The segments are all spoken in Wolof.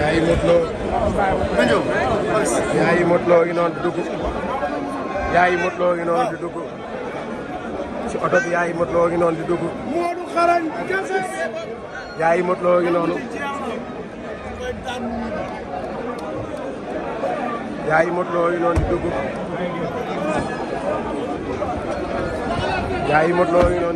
yaayi Modou Lo yaayi Modou Lo ngi noonu di dugg yaayi Modou Lo ngi noonu di dugg ci oto bi yaayi Modou Lo ngi noonu di dugg yaayi Modou Lo ngi noonu yaayi Modou Lo ngi noonu di dugg yaayi Modou Lo ngi noonu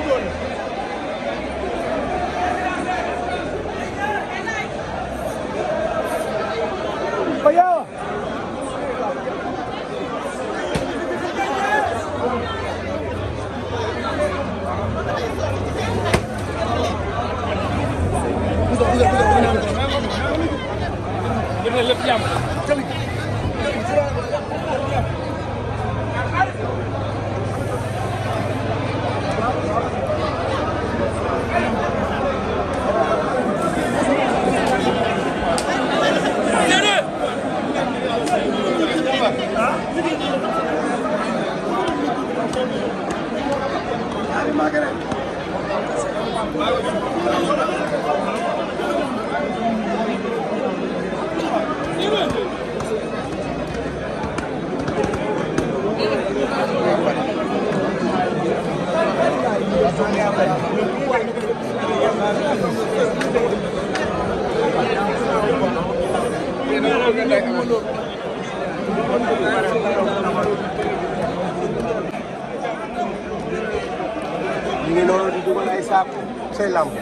say làmb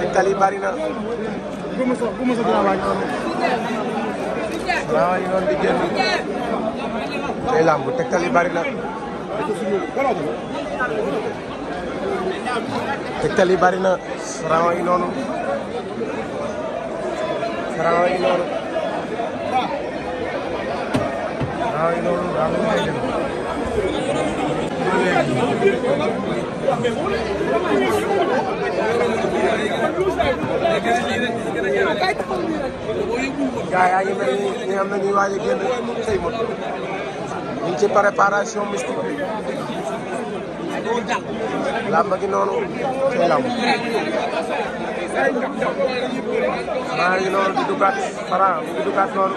te tali bari na. bu mu bu mu soxlaa waaj. waaw ñu doon di génn say làmb te tali bari na. tegtal yi bari na saraawa yi noonu saraawa yi noonu saraawa yi noonu daal gaa yaa ngi mel ni ñi am na ñuy waaj a génn tey moom ñu ngi ci préparation mystique noonu tey làmb maa ngi noonu di duggaat noonu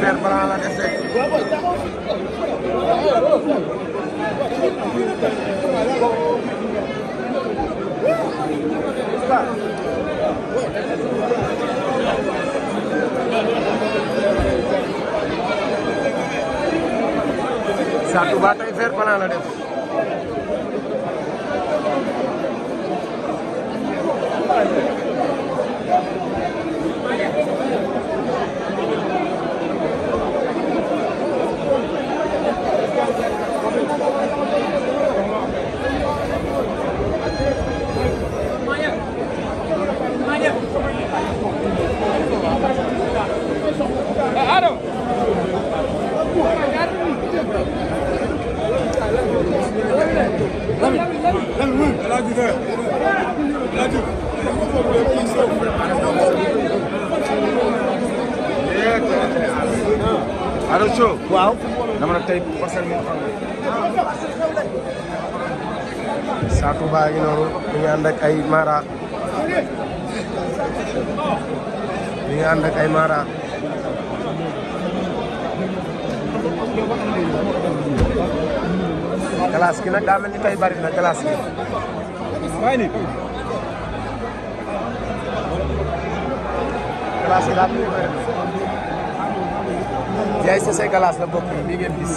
fer blanc la dese Satou Ba tey fer blanc la def Thank you. Saatu baa ngi noonu mi ngi ànd ak ay mara mi ngi ànd ak ay mara classe gi nag daa mel ni tey bari na classe gi classe gi daa mel ni bari na yaay sa say classe la bokk mi ngeen gis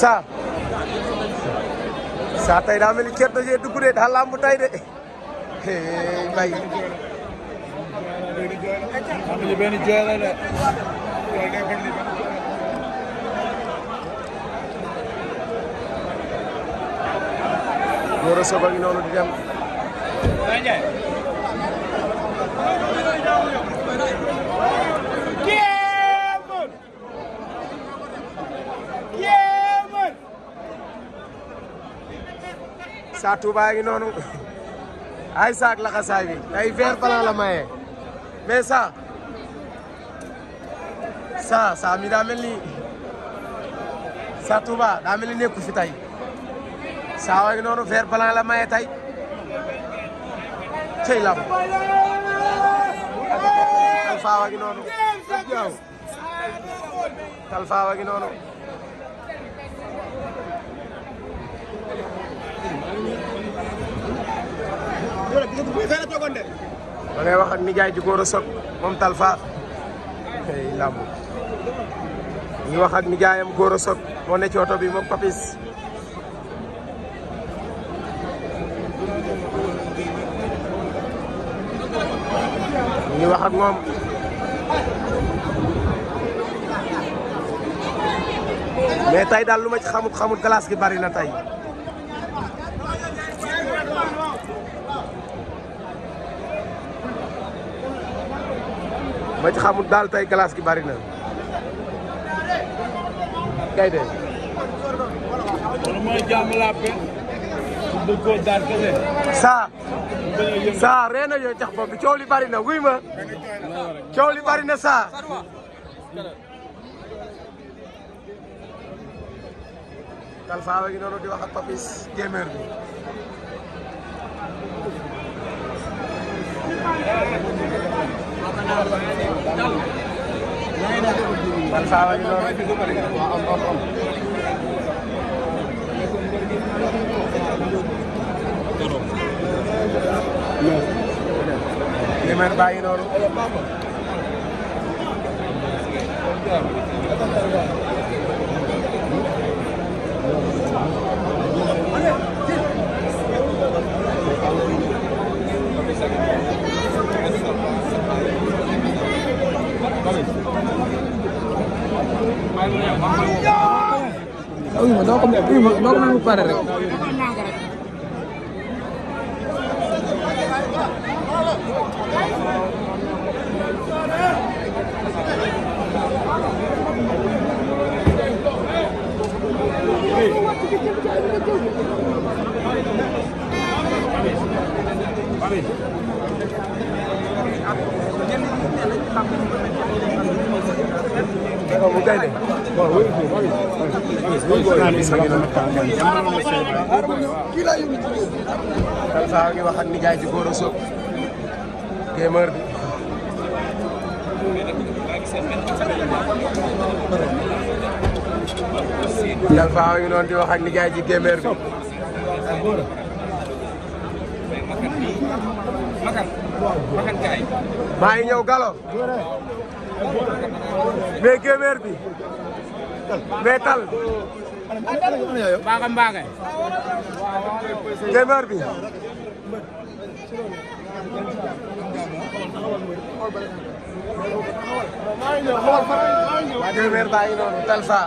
saa saa tey daa mel ni ceeb da cee dugg de daa làmb tey de mbay. Gora Sock a ngi noonu di dem. Sa Touba ngi noonu ay saak la xasaay bi ay vert blanc la maye mais sa mi daa mel ni Sa Touba daa mel ni nekku fi tey saa wa ngi noonu vert la maye tey cey lam talfa wa ngi da ngay wax ak nijaay ji góor a sog moom Talfa ay làmb ñu wax nijaayam góor a sog moo ne ci oto bi moom Papis ñu wax moom mais tey daal lu ma ci xamut xamut glace gi bari na tey ma ci xamul daal tey glace gi bari na kay de wala saa saa reena yooyu tax bopp ma coow li saa Talfa wa ngi noonu di wax Papis Gamer bi man saa la ñu doon waaw am may bàyyi noonu. uy ma doo ko uy ma doo ko nangu pare rek Amin. bu gaynde Talfa a ngi wax ak nijaay ji góor a soog gamer bi Talfa a ngi noonu di wax ak nijaay ji gamer maa ngi ñëw galo mais géwér bi mais tal mbaga mbaga géwér bi waa géwér baa ngi tal saa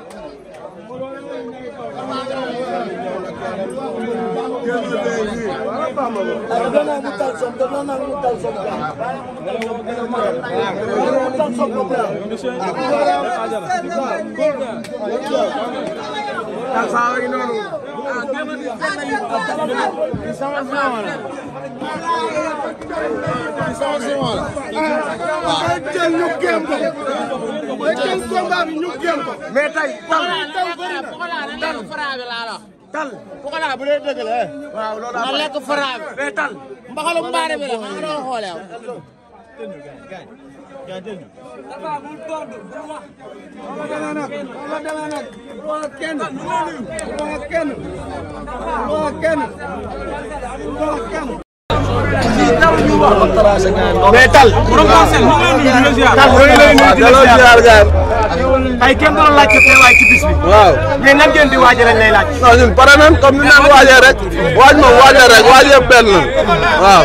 Dona mu tal som, dona mu tal som ka. Dona mu tal som ka. Tak sawa ngi nonu. Sama sama la. Sama sama la. Ah, jël ñu gëm ko. Mais tey combat bi ñu gëm ko. Mais tey taw tal pokola bu dee dëgg la eh. waaw loolu la lekk faraabi mais tal mbaxalu mbaare bi la ma nga doon xoolee dafa bul tontu bul wax wala demee nag wala demee nag wax kenn wax kenn wax kenn wax kenn mais tal tal tey kenn doon laaj sa teewaay ci bis bi. waaw mais nan ngeen di waajal lañ lay laaj. non ñun pare nañ comme ni naan waajee rek waaj moom waajee rek waaj yëpp benn waaw.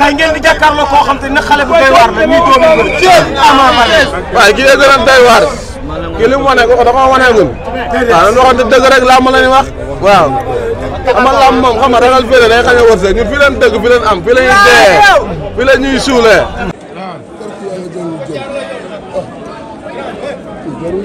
tey di jàkkaarloo koo xam te ne xale bu doy waar la muy doomu mbër. Ama Baldé waaw kii day gën a doy waar kii li ko dafa wane ñun. waaw dañu waxante dëgg rek làmb la ñu wax waaw. amal lam moom xam nga ragal fii la day xañ a wërsëg ñun fii leen dëgg fii leen am fii la dee fii la ñuy